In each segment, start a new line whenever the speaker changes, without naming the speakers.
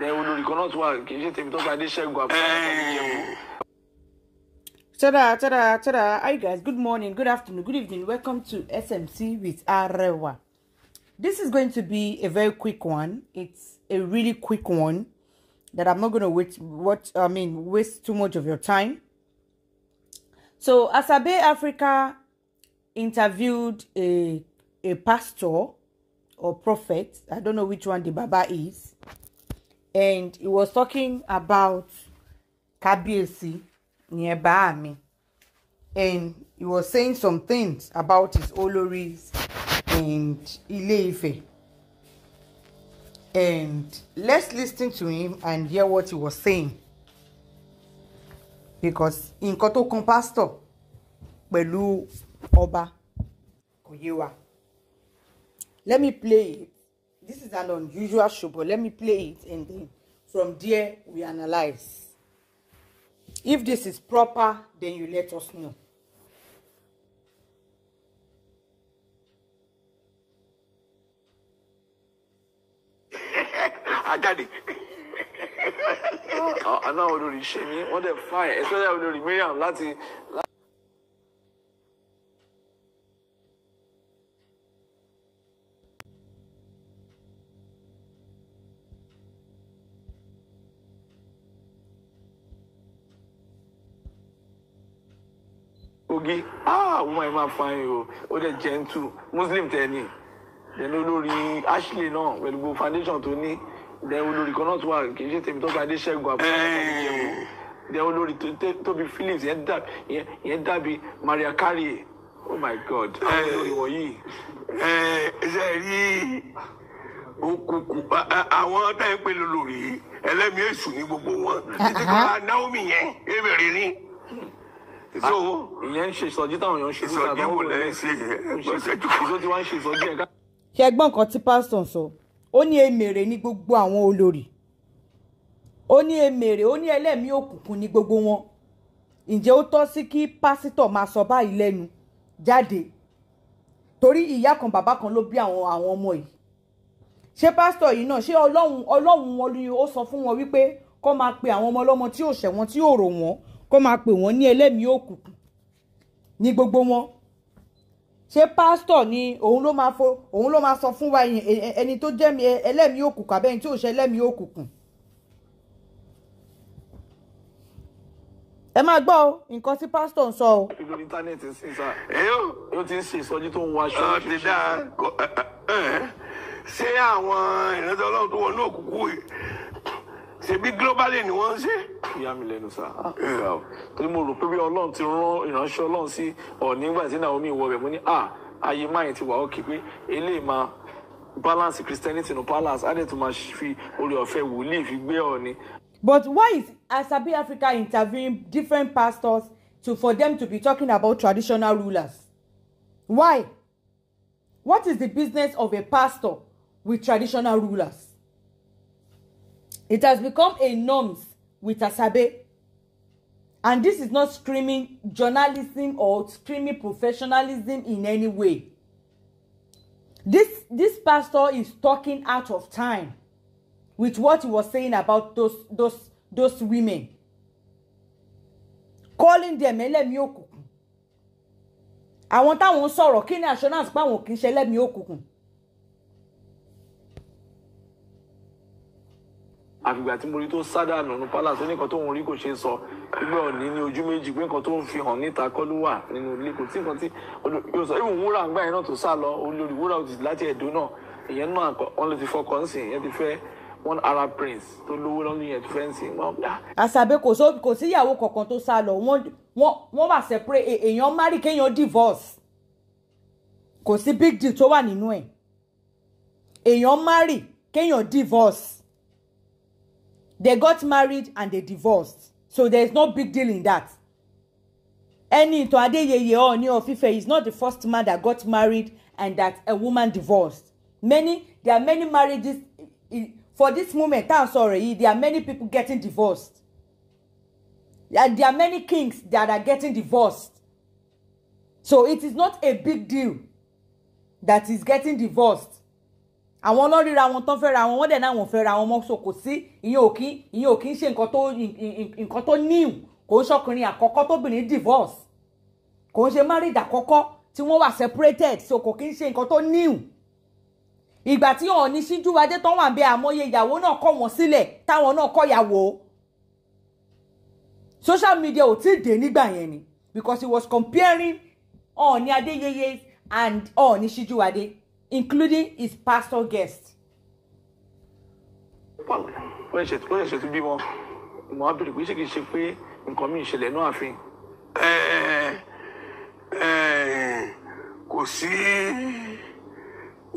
then olórí kan náà tún wà kì í ṣe tèmi tó gba adéṣẹ́gun
tada tada tada hi guys good morning good afternoon good evening welcome to smc with arewa this is going to be a very quick one it's a really quick one that i'm not going to wait what i mean waste too much of your time so asabe africa interviewed a a pastor or prophet i don't know which one the baba is and he was talking about kábíyèsí yẹn bàá and he was saying some things about his oloris and ile and let's listen to him and hear what he was saying because in tó kan pastor pẹ̀lú ọba kò let me play it this is an unusual show but let me play it and then from there we analyze if this is proper then you let us know.
I Oh, jáde aláwọ̀ olórí ṣe me. What the fire? especially when you remain Mariam láti. kogi ah woman yìí máa fain o ó dẹ̀ gentle muslim tẹ̀lé then olórí ashley náà pẹ̀lú gbogbo foundation tó ní then olórí kan náà tún wà kì ṣe tèmi tó gba adéṣẹ́gun àbúrò then olórí tóbi phillips yẹn dàbí maria carey oh my god àwọn olórí wọ̀nyí. ṣe rí òkùnkùn àwọn tá ẹ pé lórí ẹlẹ́mìí èṣù ní gbogbo wọn títí kan naomi yẹn ẹ bẹ̀rẹ̀ ní. Ah. ìyẹn ń ṣe ìsọjí táwọn èèyàn ń ṣe nígbà tó wọ́n lẹ́yìn sí ìṣó tí wọ́n ń ṣe ìsọjí ẹ̀ka.
ṣe ẹgbọ́n kan tí pásítọ̀ sọ ó ní èmèrè ní gbogbo àwọn olórí ó ní èmèrè ó ní ẹlẹ́mìí òkùnkùn ní gbogbo wọn ǹjẹ́ ó tọ́ sí kí pásítọ̀ máa sọ báyìí lẹ́nu jáde torí ìyá kan bàbá kan ló bí àwọn àwọn ọmọ yìí ṣé pásítọ̀ yìí náà ṣé ọlọ́run ọlọ́run wọn ni ó sọ fún wọn wípé kó máa pe àwọn ọmọ ọlọ́mọ tí ò ṣẹ̀ wọn tí ò rò wọn kó máa pè wọ́n ní ẹlẹ́mìí òkùnkùn ní gbogbo wọn ṣé pásítọ̀ ni òun ló máa fo òun ló máa sọ fún wa ẹni tó jẹ́ ẹlẹ́mìí òkùnkùn àbẹ́yìn tí ò ṣe ẹlẹ́mìí òkùnkùn. ẹ máa gbọ́ o nǹkan tí pásítọ̀ ń sọ o.
ìlú íńtánẹ́ẹ̀tì ń sìn sáà yóò ti ń ṣe ìsọjí tó ń wá aṣọ. ọ ti dá ṣé àwọn ìrántí ọlọ́run tó wọnú òkùnkùn yìí ṣebí globally ni wọ́n ń ṣe yà mí lẹ́nu sá ah. torí mo rò pé bí ọlọ́run ti rán ìránṣẹ́ ọlọ́run sí ọ̀ní nígbà tí Naomi wọ bẹ̀ mo ní ah ayé máyì ti wà ókè pé eléyìí máa balance Christianity no balance á tó máa fi orí ọ̀fẹ́ wòlíì fi gbé ọ̀ni. But why is
Asabi Africa interviewing different pastors to for them to be talking about traditional rulers? Why? What is the business of a pastor with traditional rulers? It has become a norms with Asabe. And this is not screaming journalism or screaming professionalism in any way. This, this pastor is talking out of time with what he was saying about those, those, those women. Calling them ẹlẹ́mìí òkùnkùn. Àwọn táwọn ń sọ̀rọ̀ kí ni assurance pé àwọn kì í ṣe ẹlẹ́mìí òkùnkùn.
àfìgbà tí mo rí tó sádà nùnú palace oníkan tó ń rí kò ṣe é sọ gbígbẹ́ òní ní ojú méjì pé nǹkan tó ń fi hàn níta kọ́ wà nínú ilé kò tí nǹkan tí yóò sọ ìwọ̀n wúrà ń gbà yẹn náà tó sá lọ olórí wúrà òtì láti ẹ̀dọ́ náà ìyẹn náà wọ́n lè ti fọkàn sí ìyẹn ti fẹ́ one arab prince tó lówó lọ́nà ìyẹn ti fẹ́ ń sìn
àṣàbẹ kò síyàwó kankan tó sá lọ wọ́n wà separate e, èèyàn marry kéèyàn divorce kò sí big deal tó wà nínú ẹ̀ èèyàn marry kéèyàn divorce they got married and they divorced so there is no big deal in that Enitan Adeyeye Ooni of Ife is not the first man that got married and that a woman divorced many there are many marriages for this moment tan sorry there are many people getting divorced and there are many kings that are getting divorced so it is not a big deal that is getting divorced àwọn ọlọ́ríra wọn tán fẹ́ ra wọn wọ́n dẹ̀ náà wọ́n fẹ́ ra wọn mọ́ so kò sí ìyẹn ò kí ìyẹn ò kí ń ṣe nǹkan tó nǹkan tó new kò ń ṣọkùnrin àkọ́kọ́ tóbìnrin divorce kò ń ṣe married àkọ́kọ́ tí wọ́n wà separated so kò kí ń ṣe nǹkan tó new ìgbà tí Ọọ̀ni Ṣíjúwadé tán wà ń bẹ àmọye ìyàwó náà kọ̀ wọ́n sílẹ̀ táwọn náà kọ̀ yàwó social media ò tí ì dé nígbà yẹn ni because he was comparing Ọọ̀ni Adéyẹyẹ and Ọọ̀ni Ṣíjúwadé including his pastor guest.
wọ́n ṣe wọ́n ṣe tún bímọ ìmọ̀ abiri kò ṣe kì í ṣe pé nǹkan mi ìṣẹ̀lẹ̀ náà àfin. kò sí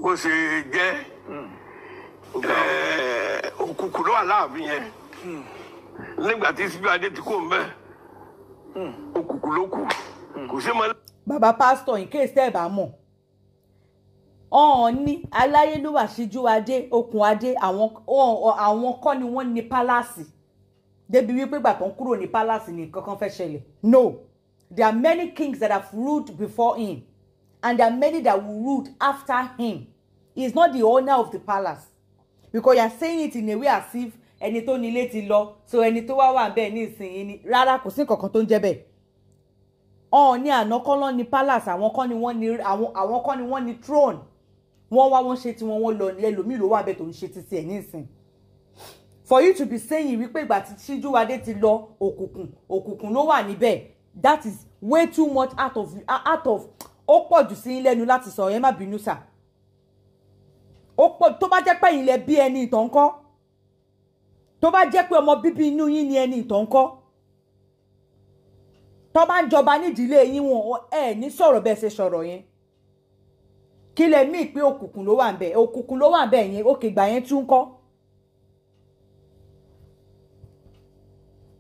bó ṣe jẹ́ òkùnkùn ló wà láàfin yẹn nígbà tí síbi adé ti kó mbẹ òkùnkùn ló kù kò sí mọ.
bàbá pásítọ̀ in case tẹ́ ẹ̀ bá mọ̀ ọ̀ọ́ni aláyélúwà ṣíjú adé okùn adé àwọn kọ́ ni wọ́n ní pálásì débi wípé gbà tó ń kúrò ní pálásì ní kankan fẹ́ ṣẹlẹ̀ no there are many kings that have ruled before him and there are many that will rule after him he is not the owner of the palace because you are saying it in a way as if ẹni tó ní ilé ti lọ so ẹni tó wá wà bẹ́ẹ̀ ní ìsinyìí ni rárá kò sí kankan tó ń jẹ́ bẹ́ẹ̀ ọ̀ọ́ni àná kọ́ ló ní àwọn kọ́ ni wọ́n ní throne wọ́n wá wọ́n ṣe tiwọn wọ́n lọ ní ẹlòmíì ló wà bẹ́ẹ̀ tó ń ṣe ti tiẹ̀ nísìn for you to be saying wípé ìgbà tí Síjúwadé ti lọ òkùnkùn òkùnkùn ló wà níbẹ̀ that is way too much out of out of ó pọ̀ jù sí lẹ́nu láti sọ ẹ má bínú sà ó pọ̀ tó bá jẹ́ pé ẹ̀yin lẹ bí ẹni ìtàn kọ́ tó bá jẹ́ pé ọmọ bíbí inú yín ni ẹni ìtàn kọ́ tó bá ń jọba nídìílé yín wọn ẹ ní sọ̀rọ̀ bẹ́ẹ̀ ṣe sọ̀rọ̀ yẹn kí lẹ mí pé òkùnkùn ló wà ń bẹ òkùnkùn ló wà ń bẹ yẹn òkè ìgbà yẹn tún kọ́.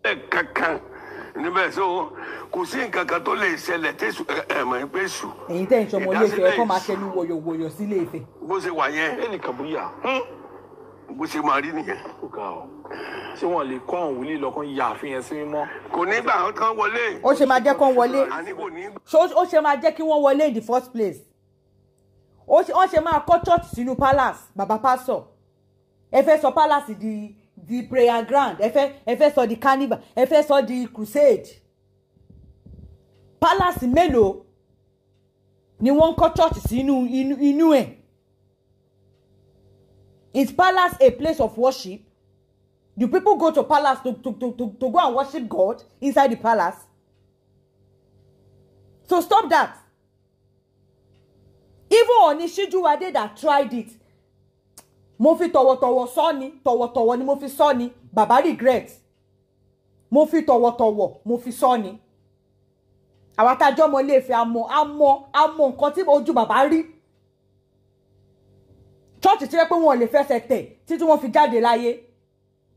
ẹ kankan níbẹ̀ so kò sí nǹkan kan tó lè ṣẹlẹ̀ tẹ̀sù ẹ̀ mọ̀ ẹ́ pé sù.
èyí tẹ̀ ń sọmọ ilé Ifẹ̀ ẹ̀kọ́ máa tẹnu wòyòwòyò sí ilé Ifẹ̀.
bó ṣe wà yẹn ẹnìkan bóyá hm? bó ṣe máa rí nìyẹn. ó ga ọ ṣé wọn lè kó àwọn wòlíì lọkàn yà àfihàn sí mímọ́. kò ní gbà kán wọlé. ó ṣe máa jẹ́ kán wọlé.
ó ṣe máa jẹ́ kí wọ́n wọlé in the first place wọ́n ṣe máa kọ́ church sínú palace bàbá pásọ̀ ẹ fẹ́ sọ palace di di prayer ground ẹ fẹ́ ẹ fẹ́ sọ di carnival ẹ fẹ́ sọ di crusade palace mélòó ni wọ́n kọ́ church sínú inú inú ẹ̀ is palace a place of worship do people go to palace to to to to, to go and worship God inside the palace so stop that even Onishijuwade that tried it mo fi tọ̀wọ̀tọ̀wọ̀ sọ ni tọ̀wọ̀tọ̀wọ̀ ni mo fi sọ ni bàbá regret mo fi tọ̀wọ̀tọ̀wọ̀ mo fi sọ ni àwa tá a jọ́ ọmọ iléèfẹ́ amọ̀ amọ̀ amọ̀ nǹkan tí ojú bàbá rí chọ́ọ̀chì tí wọ́n pé wọn ò lè fẹsẹ̀ tẹ̀ títí wọ́n fi jáde láyé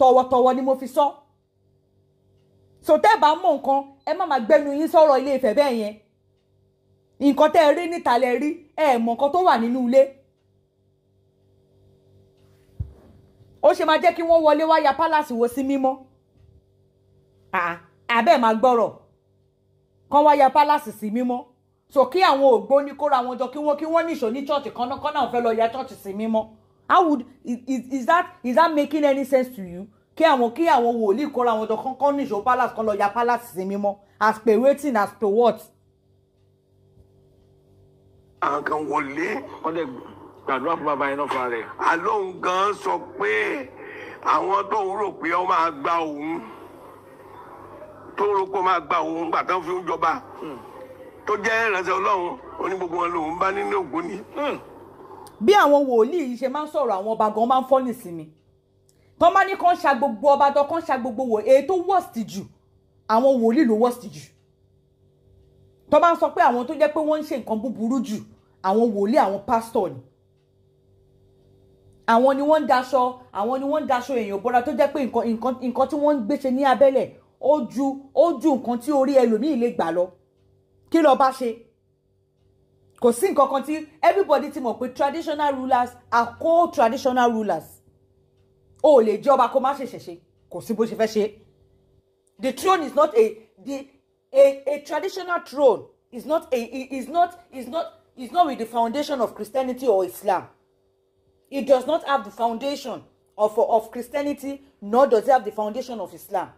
tọ̀wọ̀tọ̀wọ̀ ni mo fi sọ so tẹ́ ẹ bá mọ̀ nǹkan ẹ má máa gbẹnu yín sọ̀rọ̀ iléèfẹ́ bẹ́ẹ̀ yẹn nǹkan tẹ́ ẹ rí níta lẹ rí ẹ mọ̀ nǹkan tó wà nínú ilé ó ṣe máa jẹ́ kí wọ́n wọlé wáyà palace wo sí mímọ́ àbẹ́ ah, máa gbọ́rọ̀ kán wáyà palace sí mímọ́ so kí àwọn ògbóni kóra wọn jọ kí wọ́n kí wọ́n níṣó ní church kan náà kán fẹ́ lọ ya church sí mímọ́ how would is, is that is that making any sense to you kí àwọn kí àwọn wòlíì kóra wọn jọ kán kán níṣó palace kán lọ ya palace sí mímọ́ as per wetin as per what
àwọn kan wọlé. wọ́n dẹ̀ gbàdúrà fún bàbá yẹn náà fúnra rẹ̀. àlóhùn gan sọ pé àwọn tó ń rò pé wọ́n máa gba òun tó rò pé wọ́n máa gba òun gbà tán fi ń jọba hmm. tó jẹ́ ìránṣẹ́ ọlọ́run oní gbogbo wọn lòun bá nínú ògùn ni. Hmm.
bí àwọn wòlíì yìí ṣe máa ń sọ̀rọ̀ àwọn ọba gan máa ń fọ́ nísìnyí tọ́ máa ní kán ṣa gbogbo ọba tó kán ṣa gbogbo wò èyí tó worst jù àwọn wòlíì ló worst jù tọ́ bá ń sọ pé àwọn tó jẹ́ pé wọ́n ń ṣe nǹkan búburú jù àwọn wòlíì àwọn pásítọ̀ ni àwọn ni wọ́n ń daṣọ àwọn ni wọ́n ń daṣọ èèyàn bọ́ra tó jẹ́ pé nǹkan tí wọ́n ń gbéṣe ní abẹ́lẹ̀ ó ju ó ju nǹkan tí orí ẹlòmíì lè gbà lọ kí ló bá ṣe kò sí nǹkan kan tí everybody ti mọ̀ pé traditional rulers are called traditional rulers o ò lè jẹ́ ọba kó má ṣe ṣẹ̀ṣe kò sí bó ṣe fẹ́ ṣe the throne is not a the a a traditional throne is not a is not is not is not with the foundation of Christianity or Islam. It does not have the foundation of, of Christianity, nor does it have the foundation of Islam.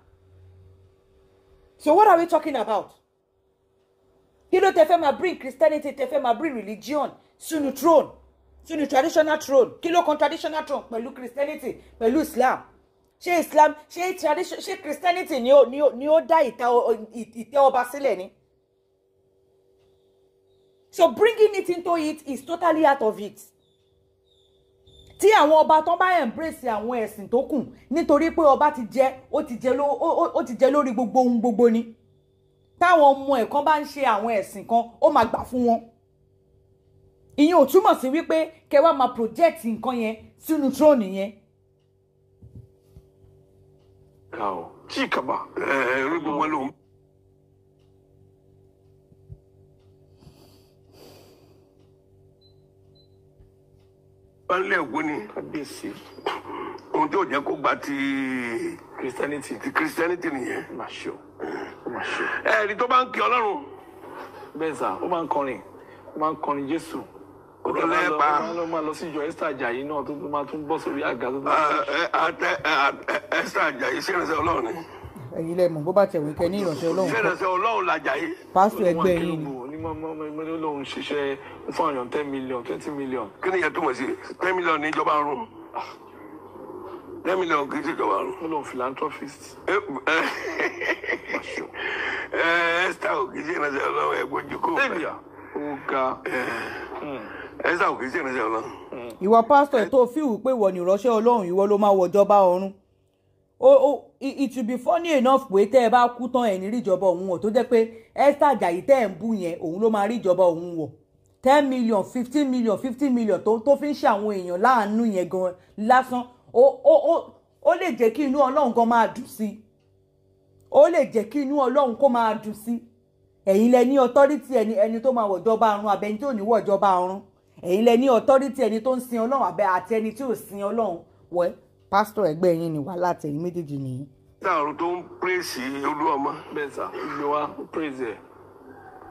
So what are we talking about? Kí ló tẹ bring Christianity tẹ fẹ́ bring religion sínú throne sínú traditional throne kí ló traditional throne pẹ̀lú Christianity pẹ̀lú Islam She Islam She tradition ṣé Christianity ni ó ni ó ni ó dá ìtẹ́ ọba sílẹ̀ ni so bringing it into it is totally out of it tí àwọn ọba tán bá embrace àwọn ẹ̀sìn tó kù nítorí pé ọba ti jẹ o ti jẹ ló ó ti jẹ lórí gbogbo ohun gbogbo ni táwọn ọmọ ẹ̀ kan bá ń ṣe àwọn ẹ̀sìn kan ó máa gbà fún wọn ìyẹn ò túmọ̀ sí wípé kẹ wá máa project nǹkan yẹn sínú tróònù yẹn.
tí ìkàbà ẹ̀ẹ́dẹ́gbẹ̀wẹ́ lòun. wọ́n lé ẹ̀wọ́ ni ohun tí ò jẹ́ kó gba ti christianity ti christianity nìyẹn. ẹ̀ẹ́dì tó bá ń kí ọlọ́run. bẹ́ẹ̀ sà ó máa ń kọrin ó máa ń kọrin jésù ọlọ́lẹ́ pa. ó máa lọ sí ìjọ Esther Ajayi náà tó máa tún bọ́ sórí àga tó máa. Esther Ajayi sí ìrẹsẹ̀ ọlọ́run ni.
ẹ̀yin lẹ́mọ̀ bó bá tẹ̀wé kẹ́ ní ìrọ̀sẹ̀ ọlọ́run. ìrẹsẹ̀
ọlọ́run làjàyí. pásítọ̀ ẹgbẹ́ yìí lóun ṣiṣẹ́ fún àyàn ten million twenty million. kí ni ìyẹn túmọ̀ sí ten million ní ìjọba rún ten million kì í ṣe ìjọba rún. ó lóun philanthropist. ẹ ẹ ẹ́sítà ò kì í ṣe ìrìnàṣẹ́ ọlọ́run ẹ̀gbọ́n jù kó. ó ga ẹ́sítà ò kì í ṣe ìrìnàṣẹ́ ọlọ́run.
ìwọ pásítọ̀ tó fíwù pé ìwọ ni ìránṣẹ́ ọlọ́run ìwọ ló máa wọjọ́ bá ọ̀run oh, oh, it should be funny enough pé tẹ́ ẹ bá kú tán ẹ̀ ní ríjọba òun wọ̀ tó jẹ́ pé Esther Ajayi tẹ́ ẹ̀ ń bú yẹn òun ló máa ríjọba òun wọ̀ ten million fifteen million fifteen million tó tó fi ń ṣe àwọn èèyàn láàánú yẹn gan lásán ó ó ó ó lè jẹ́ kí inú Ọlọ́run gan máa dùn sí ó lè jẹ́ kí inú Ọlọ́run kó máa dùn sí ẹ̀yin lẹ ní ọtọ́rítì ẹni ẹni tó máa wọ̀jọba ọ̀run àbẹ̀yìn tó ní wọ̀jọba ọ̀run ẹ̀yin lẹ ní ọtọ́rítì ẹni tó ń sin Ọlọ́run àbẹ̀ àti ẹni tí ò sin Ọlọ́run wẹ́ẹ́ pásítọ̀ ẹgbẹ́ yín ni wàhálà tẹ̀yìn méjèèjì nìyí.
láàrú tó ń pírèsì olúwọmọ bẹ́ẹ̀ sà ìgbé wa pírèsì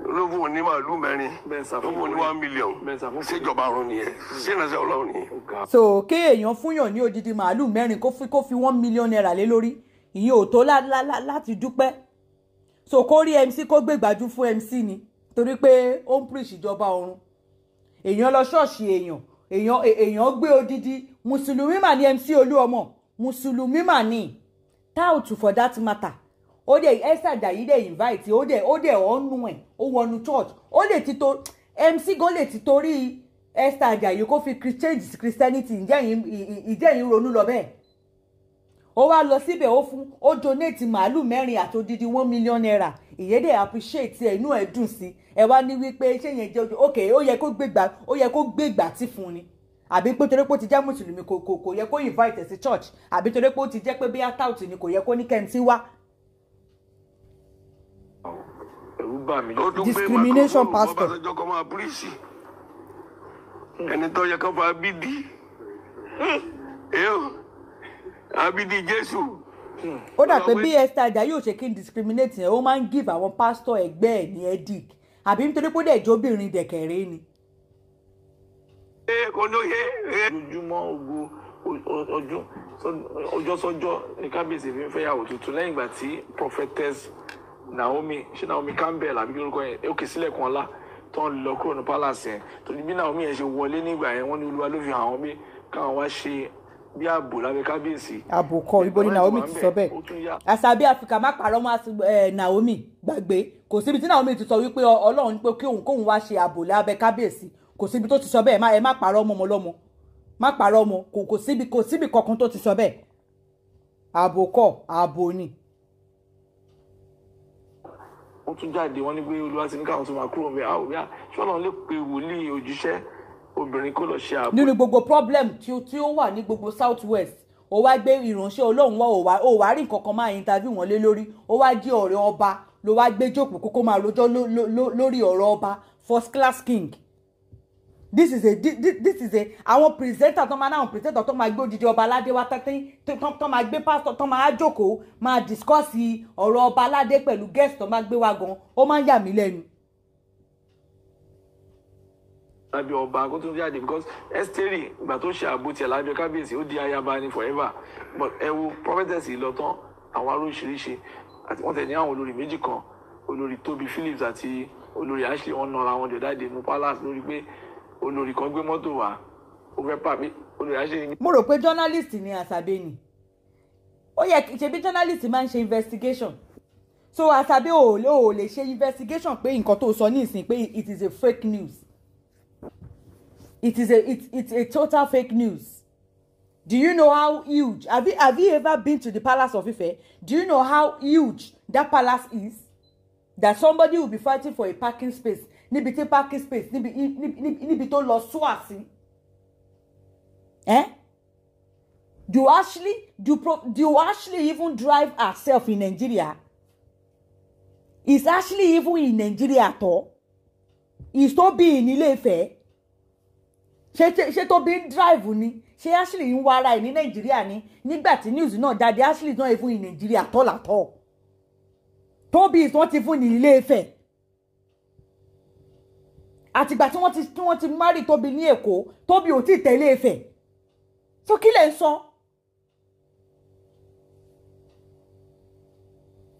olóògùn òní màálùú mẹ́rin olóògùn òní one million ṣèjọba ọ̀run nìyẹn ṣèrànṣẹ́ ọlọ́run nìyẹn. so
kéèyàn fúnyàn ní odidi màálùú mẹ́rin kó fi kó fi one million naira lé lórí ìyẹn ò tó láti dúpẹ́ so kó rí mc kó gbègbàjú fún mc ni torí pé ó ń pírèsì ìjọba ọ̀run èèyàn lọ ṣọ́ọ̀ṣì èèyàn èèyàn e, èèyàn gbé odidi mùsùlùmí mà ní MC Olúọmọ mùsùlùmí mà ní tout for that matter ó dé Esther Ajayi dé invite ó dé ó dé ọ̀nù ẹ̀ ó wọnú church ó lè ti to MC gan lè ti torí Esther Ajayi kó fi change Christianity ǹjẹ́ yín ronú lọ bẹ́ẹ̀ ó wá lọ síbẹ̀ ó fún ó donate màálù mẹ́rin àti odidi one million naira ìyẹn dẹ̀ appreciate ẹ̀ inú ẹ̀ dùn sí ẹ wá ní wípé ṣé yẹn jẹ́ ojú ok ó yẹ kó gbégbà ó yẹ kó gbégbà tí fún ni àbí pé torí pé ó ti jẹ́ mùsùlùmí kò kò kò yẹ kó invite ẹ̀ sí church àbí torí pé ó ti jẹ́ pé bí out ni kò yẹ kó ní kẹ́ntì wá.
discrimination pastor. ẹni tó yẹ kó fa abidi hmm. abidi jésù ó dà pé bí
Esther Ajayi ò ṣe kí n discriminate yẹn ó máa ń give àwọn pásítọ̀ ẹgbẹ́ ẹ̀ ní edic àbí nítorí pé ó dẹ̀ jóbìnrin dẹ̀kẹ̀rẹ́ ni.
ṣé olóye rẹ. ojoojúmọ́ ogun ọjọ́ ọjọ́ sọ́jọ́ ní kábíyèsí fi ń fẹ́yàwó tuntun lẹ́yìn ìgbà tí prophetess Naomi ṣé Naomi Campbell àbí lórúkọ yẹn ó kè sílẹ̀kùn ọlá tó ń lọ kúrò ní palace yẹn torí bí Naomi yẹn ṣe wọlé nígbà yẹn wọ́n ní olúwa ló fi hàn wọ́n pé káwọn wá ṣe bí ààbò lábẹ́ kábíyèsí. ààbò kọ ibo ni Naomi ti sọ bẹ́ẹ̀
àṣà bí má parọ́ má Naomi gbàgbé kò síbi tí Naomi ti sọ wípé Ọlọ́run ní pé kí òun kóun wá ṣe ààbò lábẹ́ kábíyèsí kò síbi tó ti sọ bẹ́ẹ̀ ẹ má parọ́ ọmọ ọmọ lọ́mọ má parọ́ ọmọ kò síbi kò síbi kankan tó ti sọ bẹ́ẹ̀ ààbò kọ ààbò ni.
wọ́n tún jáde wọ́n ní pé Olúwa ti ní káwọn tó máa kúrò bẹ́ẹ̀ àwọn ṣọ́nà lè pe wòlíì òjíṣẹ́ obìnrin kó lọ ṣe àbò. nínú gbogbo
problem tí ó tí ó wà ní gbogbo south west ó wá gbé ìránṣẹ́ ọlọ́run wá ó wá rí nǹkan kan máa interview wọn lé lórí ó wá jẹ́ ọ̀rẹ́ ọba ló wá gbé jókòó kókó máa rojọ́ lórí ọ̀rọ̀ ọba first class king this is a this is a àwọn presenter tó máa náà presenter tó máa gbé odidi ọba aládé wá tẹ́tẹ́ tó máa gbé pastor tó máa jókòó máa discuss ọ̀rọ̀ ọba aládé pẹ̀lú guest tó máa gbé wá gan ó máa ń yà mí lẹ́nu
lábẹ ọba kó tún jáde because Ẹ́sítérì ìgbà tó ṣe àbò tiẹ̀ lábẹ kábíyèsí ó di ayaba ni forever but ẹ wo prophetess yìí lọ tán àwọn aróṣiríṣi àti wọ́n tẹ̀ ní àwọn olórí méjì kan olórí Toby Phillips àti olórí Ashley wọ́n nọra wọn jọ jáde palace lórí pé olórí kan gbé mọ́tò wá ó pàmí olórí Ashley
mo rò pé journalist ni àṣàbẹ ni ó yẹ ṣebí journalist máa ń ṣe investigation so àṣàbẹ ò lè ṣe investigation pé nǹkan tó sọ ní ìsìn pé it is a fake news It is a it, it's a total fake news. Do you know how huge? Have you have you ever been to the palace of Ife? Do you know how huge that palace is? That somebody will be fighting for a parking space. Níbi tí parking space níbi níbi níbi tó lọ sùn àsì. Eh? Do Ashley do pro, do Ashley even drive herself in Nigeria? Is Ashley even in Nigeria at all? Is Tobi in Ile-Ife? ṣé Tóbi ń drive ni ṣé Ashley ń wara ẹ̀ ní Nàìjíríà ni nígbà tí news náà jáde Ashley náà even in Nàìjíríà tọ́làtọ́ Tóbi ìtàn ti fún ní Ilé Ifẹ̀ àtìgbà tí wọ́n ti tí wọ́n ti mari Tóbi ní Èkó Tóbi ò tí ì tẹ̀lé Ifẹ̀ so kí lẹ̀ ń sọ.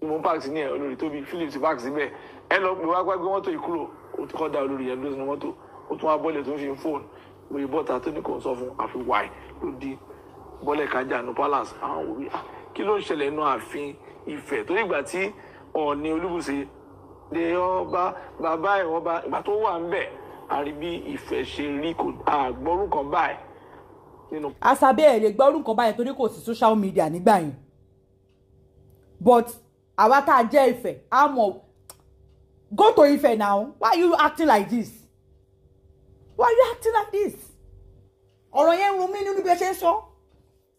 mo park sí ní ẹ olórí Tóbi Phillips park síbẹ̀ ẹ lọ pé wá gbàgbé mọ́tò yìí kúrò ó ti kọ́ da olórí yẹn lóṣù mọ́tò ó tún wá bọ́ọ̀lù tó ń fi fóònù òye bọ́ta tó ní kò ń sọ fún àfi wáì ló di bọ́lẹ̀ kájà ní palace àwọn òwe ah, kí ló ń ṣẹlẹ̀ nínú ààfin Ifẹ̀ torí ìgbà tí Ọọ̀ni Olúbùṣe de ọba bàbá ẹ̀ ọba ìgbà tó wà ń bẹ̀ àrí bí Ifẹ̀ ṣe rí kò àgbọ́rú kan báyìí.
àṣàbí ẹ̀ lè gbọ́rú kan báyìí torí kò sí social media nígbà yẹn but àwa tá a jẹ́ Ifẹ̀ àmọ́ go to Ifẹ̀ now why you acting like this why are you acting like this ọ̀rọ̀ yẹn ń ro mí nínú bí ẹ ṣe ń sọ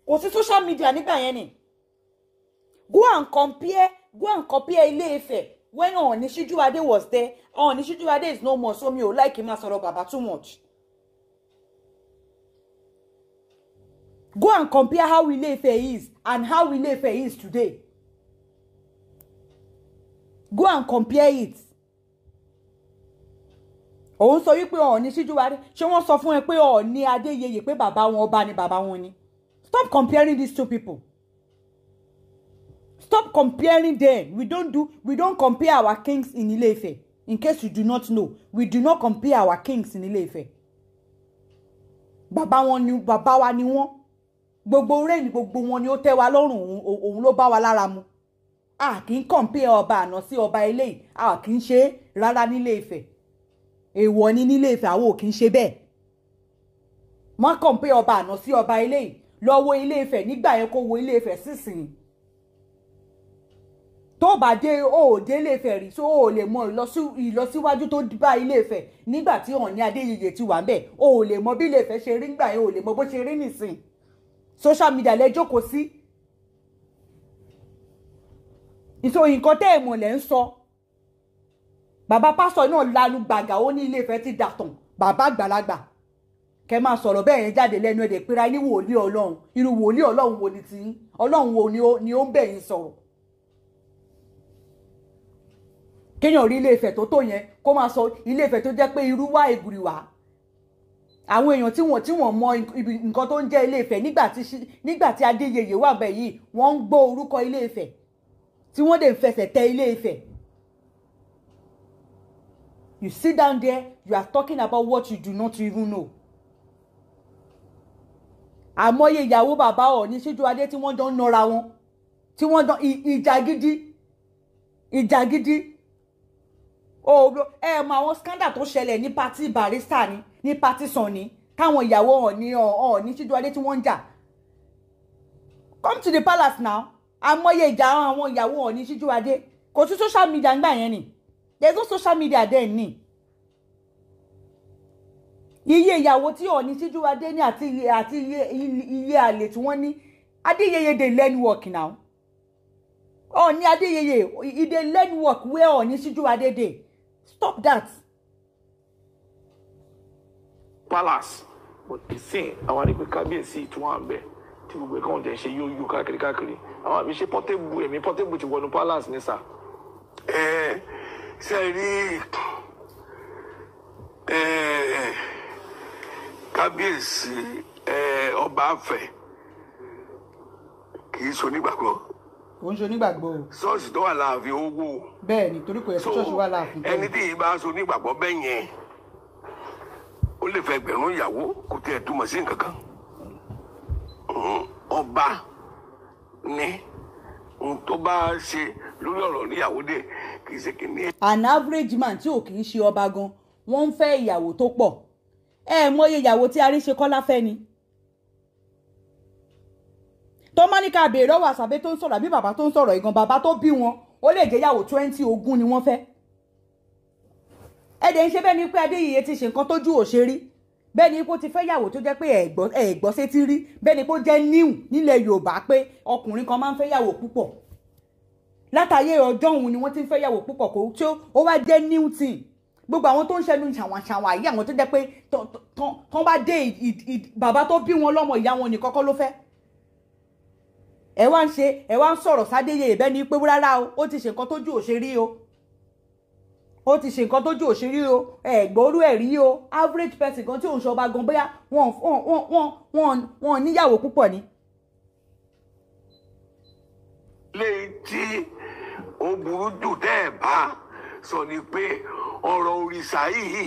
kò sí social media nígbà yẹn ni go and compare go and compare Ilé-Ifẹ̀ when Ọọ̀ni Ṣíjúwadé was there Ọọ̀ni Ṣíjúwadé is no more so mi ò like him as asọ̀rọ̀ bàbá too much. Go and compare how Ile-Ife is and how Ile-Ife is today. Go and compare it òun sọ wípé ọ̀ọ́ni síjúwárí ṣé wọ́n sọ fún ẹ pé ọ̀ọ́ni adéyẹyẹ pé bàbá wọn ọba ni bàbá wọn ni stop comparing these two people stop comparing them we don't do we don't compare our kings in Ile-Ife in case you do not know we do not compare our kings in Ile-Ife bàbá wọn ni bàbá wa ni wọn gbogbo rẹ́ẹ̀nì gbogbo wọn ni ó tẹ́ wa lọ́rùn òun ló bá wa lára mu a kì í compare ọba àná sí ọba eléyìí a kì í ṣe é rárá nílé Ifẹ̀ èèwọ̀ ni nílé Ifẹ̀ àwọn ò kì í ṣe bẹ́ẹ̀ má kàn pé ọba àná sí ọba ilé yìí lọ wo ilé Ifẹ̀ nígbà yẹn kó wo ilé Ifẹ̀ sísìn tó bá dé o ò dé ilé Ifẹ̀ rí tó o ò lè mọ ìlọsíwájú tó bá ilé Ifẹ̀ nígbà tí Ọọ̀ni Adéyẹyè ti wà ń bẹ̀ o ò lè mọ bí ilé Ifẹ̀ ṣe rí nígbà yẹn o ò lè mọ bó ṣe rí nìsín social media lẹ jókòó sí ìsòyìnkọ́ tẹ́ ẹ̀ mọ̀ lẹ́ ń sọ. So bàbá pásọ náà lanu gbàgà ó ní ilé Ifẹ̀ ti dàtàn bàbá àgbàlagbà kẹ máa sọ̀rọ̀ bẹ́ẹ̀ yẹn jáde lẹ́nu ẹ̀dẹ̀ pera ní wòlíì ọlọ́run irú wòlíì ọlọ́run wo ni ti ń ọlọ́run wo ni ó ń bẹ̀ yín sọ̀rọ̀ kéèyàn rí ilé Ifẹ̀ tó tó yẹn kó máa sọ ilé Ifẹ̀ tó jẹ́ pé irú wá ègùrì wá àwọn èèyàn tí wọ́n tí wọ́n mọ nǹkan tó ń jẹ́ ilé Ifẹ̀ nígbà tí Adéyẹyè wà bẹ̀ yìí wọ́n ń gbọ́ orúkọ ilé Ifẹ̀ tí wọ́n dẹ̀ fẹsẹ̀ tẹ ilé Ifẹ̀ You sit down there, you are talking about what you do not even know. Àmọ́yé ìyàwó bàbá Ọọ̀ni Síjú Adé tí wọ́n jọ ń nọra wọn tí wọ́n jọ ìjà gidi ìjà gidi ẹ mọ àwọn scandal tó ṣẹlẹ̀ ní pati barista ni ní pati sàn ni táwọn ìyàwó Ọọ̀ni Ọọ̀ni Síjú Adé tí wọ́n ń jà. Come to the palace now àmọ́yé ìjà àwọn ìyàwó Ọọ̀ni Síjú Adé kò sí social media ńgbà yẹn ni there's no social media there, ni iye ìyàwó tí Ọọ̀ni Síjú Adé ní àti iye àti iye iye àlè tí wọ́n ní Adéyẹyẹ dey learn work now Ọọ̀ni Adéyẹyẹ e dey learn work where Ọọ̀ni Síjú Adé dey stop that.
palace ìsìn àwọn àdìgbò kábíyèsí tí wọ́n á bẹ̀ tí gbogbo ẹ̀kọ́ ọ̀dẹ̀ ṣe yóò yóò káàkiri káàkiri àwọn àbí ṣe pọ́tébù ẹ̀mí pọ́tébù ti wọnú palace ní sà. ẹ̀ẹ́ ṣe rí kábíyèsí ọba afẹ kì í so nígbàgbọ́.
kò ń so nígbàgbọ́ o.
ṣọ́ọ̀ṣì tó wà láàfin owó.
bẹ́ẹ̀ ni torí kò yẹ kí ṣọ́ọ̀ṣì wà láàfin
tó. ẹni tí yìí bá so nígbàgbọ́ bẹ́ẹ̀ yẹn ó lè fẹ́ gbẹ̀rún ìyàwó kò tiẹ̀ túmọ̀ sí nǹkan kan ọba ni ohun tó bá ṣe lórí ọ̀rọ̀ níyàwó dé kì í ṣe kìíní.
an average man tí ò kì í ṣe ọba gan wọ́n ń fẹ́ ìyàwó tó pọ̀ ẹ mọye ìyàwó tí arí ṣe kọ́lá fẹ́ ni. tọ́mánìkà béèrè ọwọ́ àṣàbẹ́ tó ń sọ̀rọ̀ àbí bàbá tó ń sọ̀rọ̀ ìgan bàbá tó bí wọn ó lè jẹ́ ìyàwó twenty ogún ni wọ́n fẹ́. ẹ̀dẹ̀ ń ṣe bẹ́ẹ̀ ni pé adéyẹyẹ ti ṣe nǹkan tójú òṣèré bẹ́ẹ̀ ni kó ti fẹ́ yàwó tó jẹ́ pé ẹ̀gbọ́n ṣe ti rí bẹ́ẹ̀ ni kó jẹ́ níwù nílẹ̀ yorùbá pé ọkùnrin kan máa ń fẹ́ yàwó púpọ̀ látàyè ọjọ́ òun ni wọ́n ti ń fẹ́ yàwó púpọ̀ kó tí ó wá jẹ́ new thing gbogbo àwọn tó ń ṣẹnu ṣàwàṣàwà yìí àwọn tó jẹ́ pé tán bá dé bàbá tó bí wọn lọ́mọ ìyá wọn nìkan ló fẹ́ ẹ wá ń ṣe ẹ wá ń sọ̀rọ̀ sádéyé ìbẹ́ ni pé rárá o ó ti ṣe nǹkan tójú ò ṣe rí o ó ti ṣe nǹkan tójú ò ṣe rí o ẹ̀gbọ́rú ẹ̀ rí o average person kan tí òun ṣọba gan bóyá wọn wọn níyàwó púpọ̀ ni
léyìí tí ó burú jù tẹ́ ẹ̀ bá sọ ni pé ọ̀rọ̀ òrìṣà yìí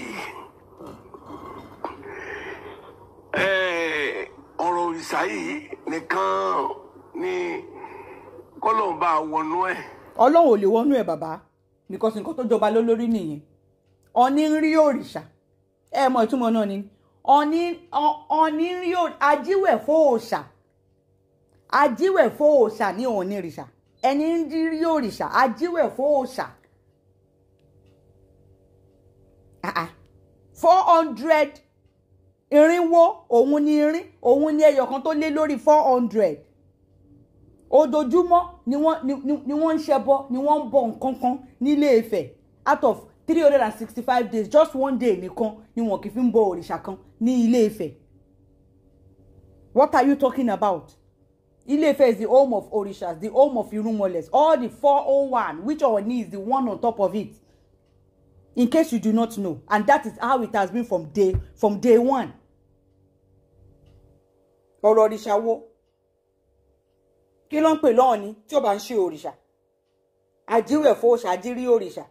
ọ̀rọ̀ òrìṣà yìí nìkan ni kọ́lọ́n bá wọnú ẹ̀.
ọlọ́run ò lè wọnú ẹ̀ bàbá because nǹkan tó jọba lólórí nìyẹn ọ̀ní ń rí òrìṣà ẹ mọ ìtumọ̀ náà ni ọ̀ní ń rí ajíwẹ̀ fóòṣà ajíwẹ̀ fóòṣà ní òní rìṣà ẹni ń dírí òrìṣà ajíwẹ̀ fún òòṣà four hundred irínwó òun ni irin òun ni ẹyọkan tó lé lórí four hundred ojoojúmọ́ ni wọ́n ń ṣẹbọ ni wọ́n ń bọ nǹkan kan nílé Ifẹ̀ out of three hundred and sixty five days just one day nìkan ni wọn kì í fi ń bọ òrìṣà kan ní ilé Ifẹ̀ what are you talking about Ilefe is the home of Orishas, the home of Irumoles, all the four oh one. which Oni is the one on top of it. In case you do not know. And that is how it has been from day from day one. Ọ̀rọ̀ òrìṣà wo? Kí ló ń pè lọ́ọ̀ni tí ó bá ń ṣe òrìṣà? Àjírẹ̀ fowóṣà àjírí òrìṣà.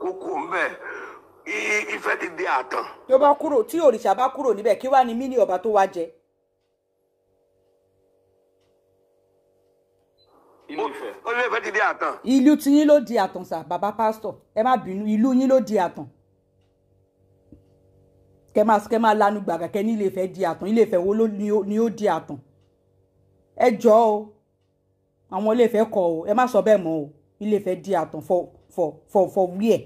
Kókó ń bẹ̀ ìfẹ́ ti di àtàn.
Tó bá kúrò tí òrìṣà bá kúrò níbẹ̀ kí wá ni mí ní ọba tó wá jẹ?
ìlú Ifẹ̀. ó lè fẹ́ ti di àtàn.
ìlú tiyín ló di àtàn sà bàbá pásítọ̀ ẹ má bínú ìlú yín ló di àtàn kẹ máa kẹ máa lanu gbàgà kẹ ní Ilé Ifẹ̀ di àtàn Ilé Ifẹ̀ wo ló ni ó di àtàn ẹ jọ o àwọn Ilé Ifẹ̀ kọ o ẹ má sọ bẹ́ẹ̀ mọ́ o Ilé Ifẹ̀ di àtàn fọ fọ fọ fọ wíẹ̀.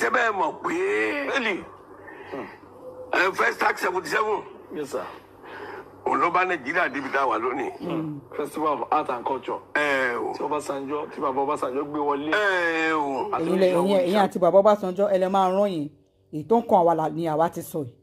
ṣe bẹ́ẹ̀ mọ̀ pé first act seventy seven òun nàìjíríà débi tá a wà lónìí. Hmm. festival of art and culture. ẹ o tí Ọbásanjọ́ tí bàbá Ọbásanjọ́ gbé wọlé. ẹ o. èyí àti
bàbá Ọbásanjọ́ ẹ lè máa rán yín èyí tó ń kan àwa ni àwa ti sọ yìí.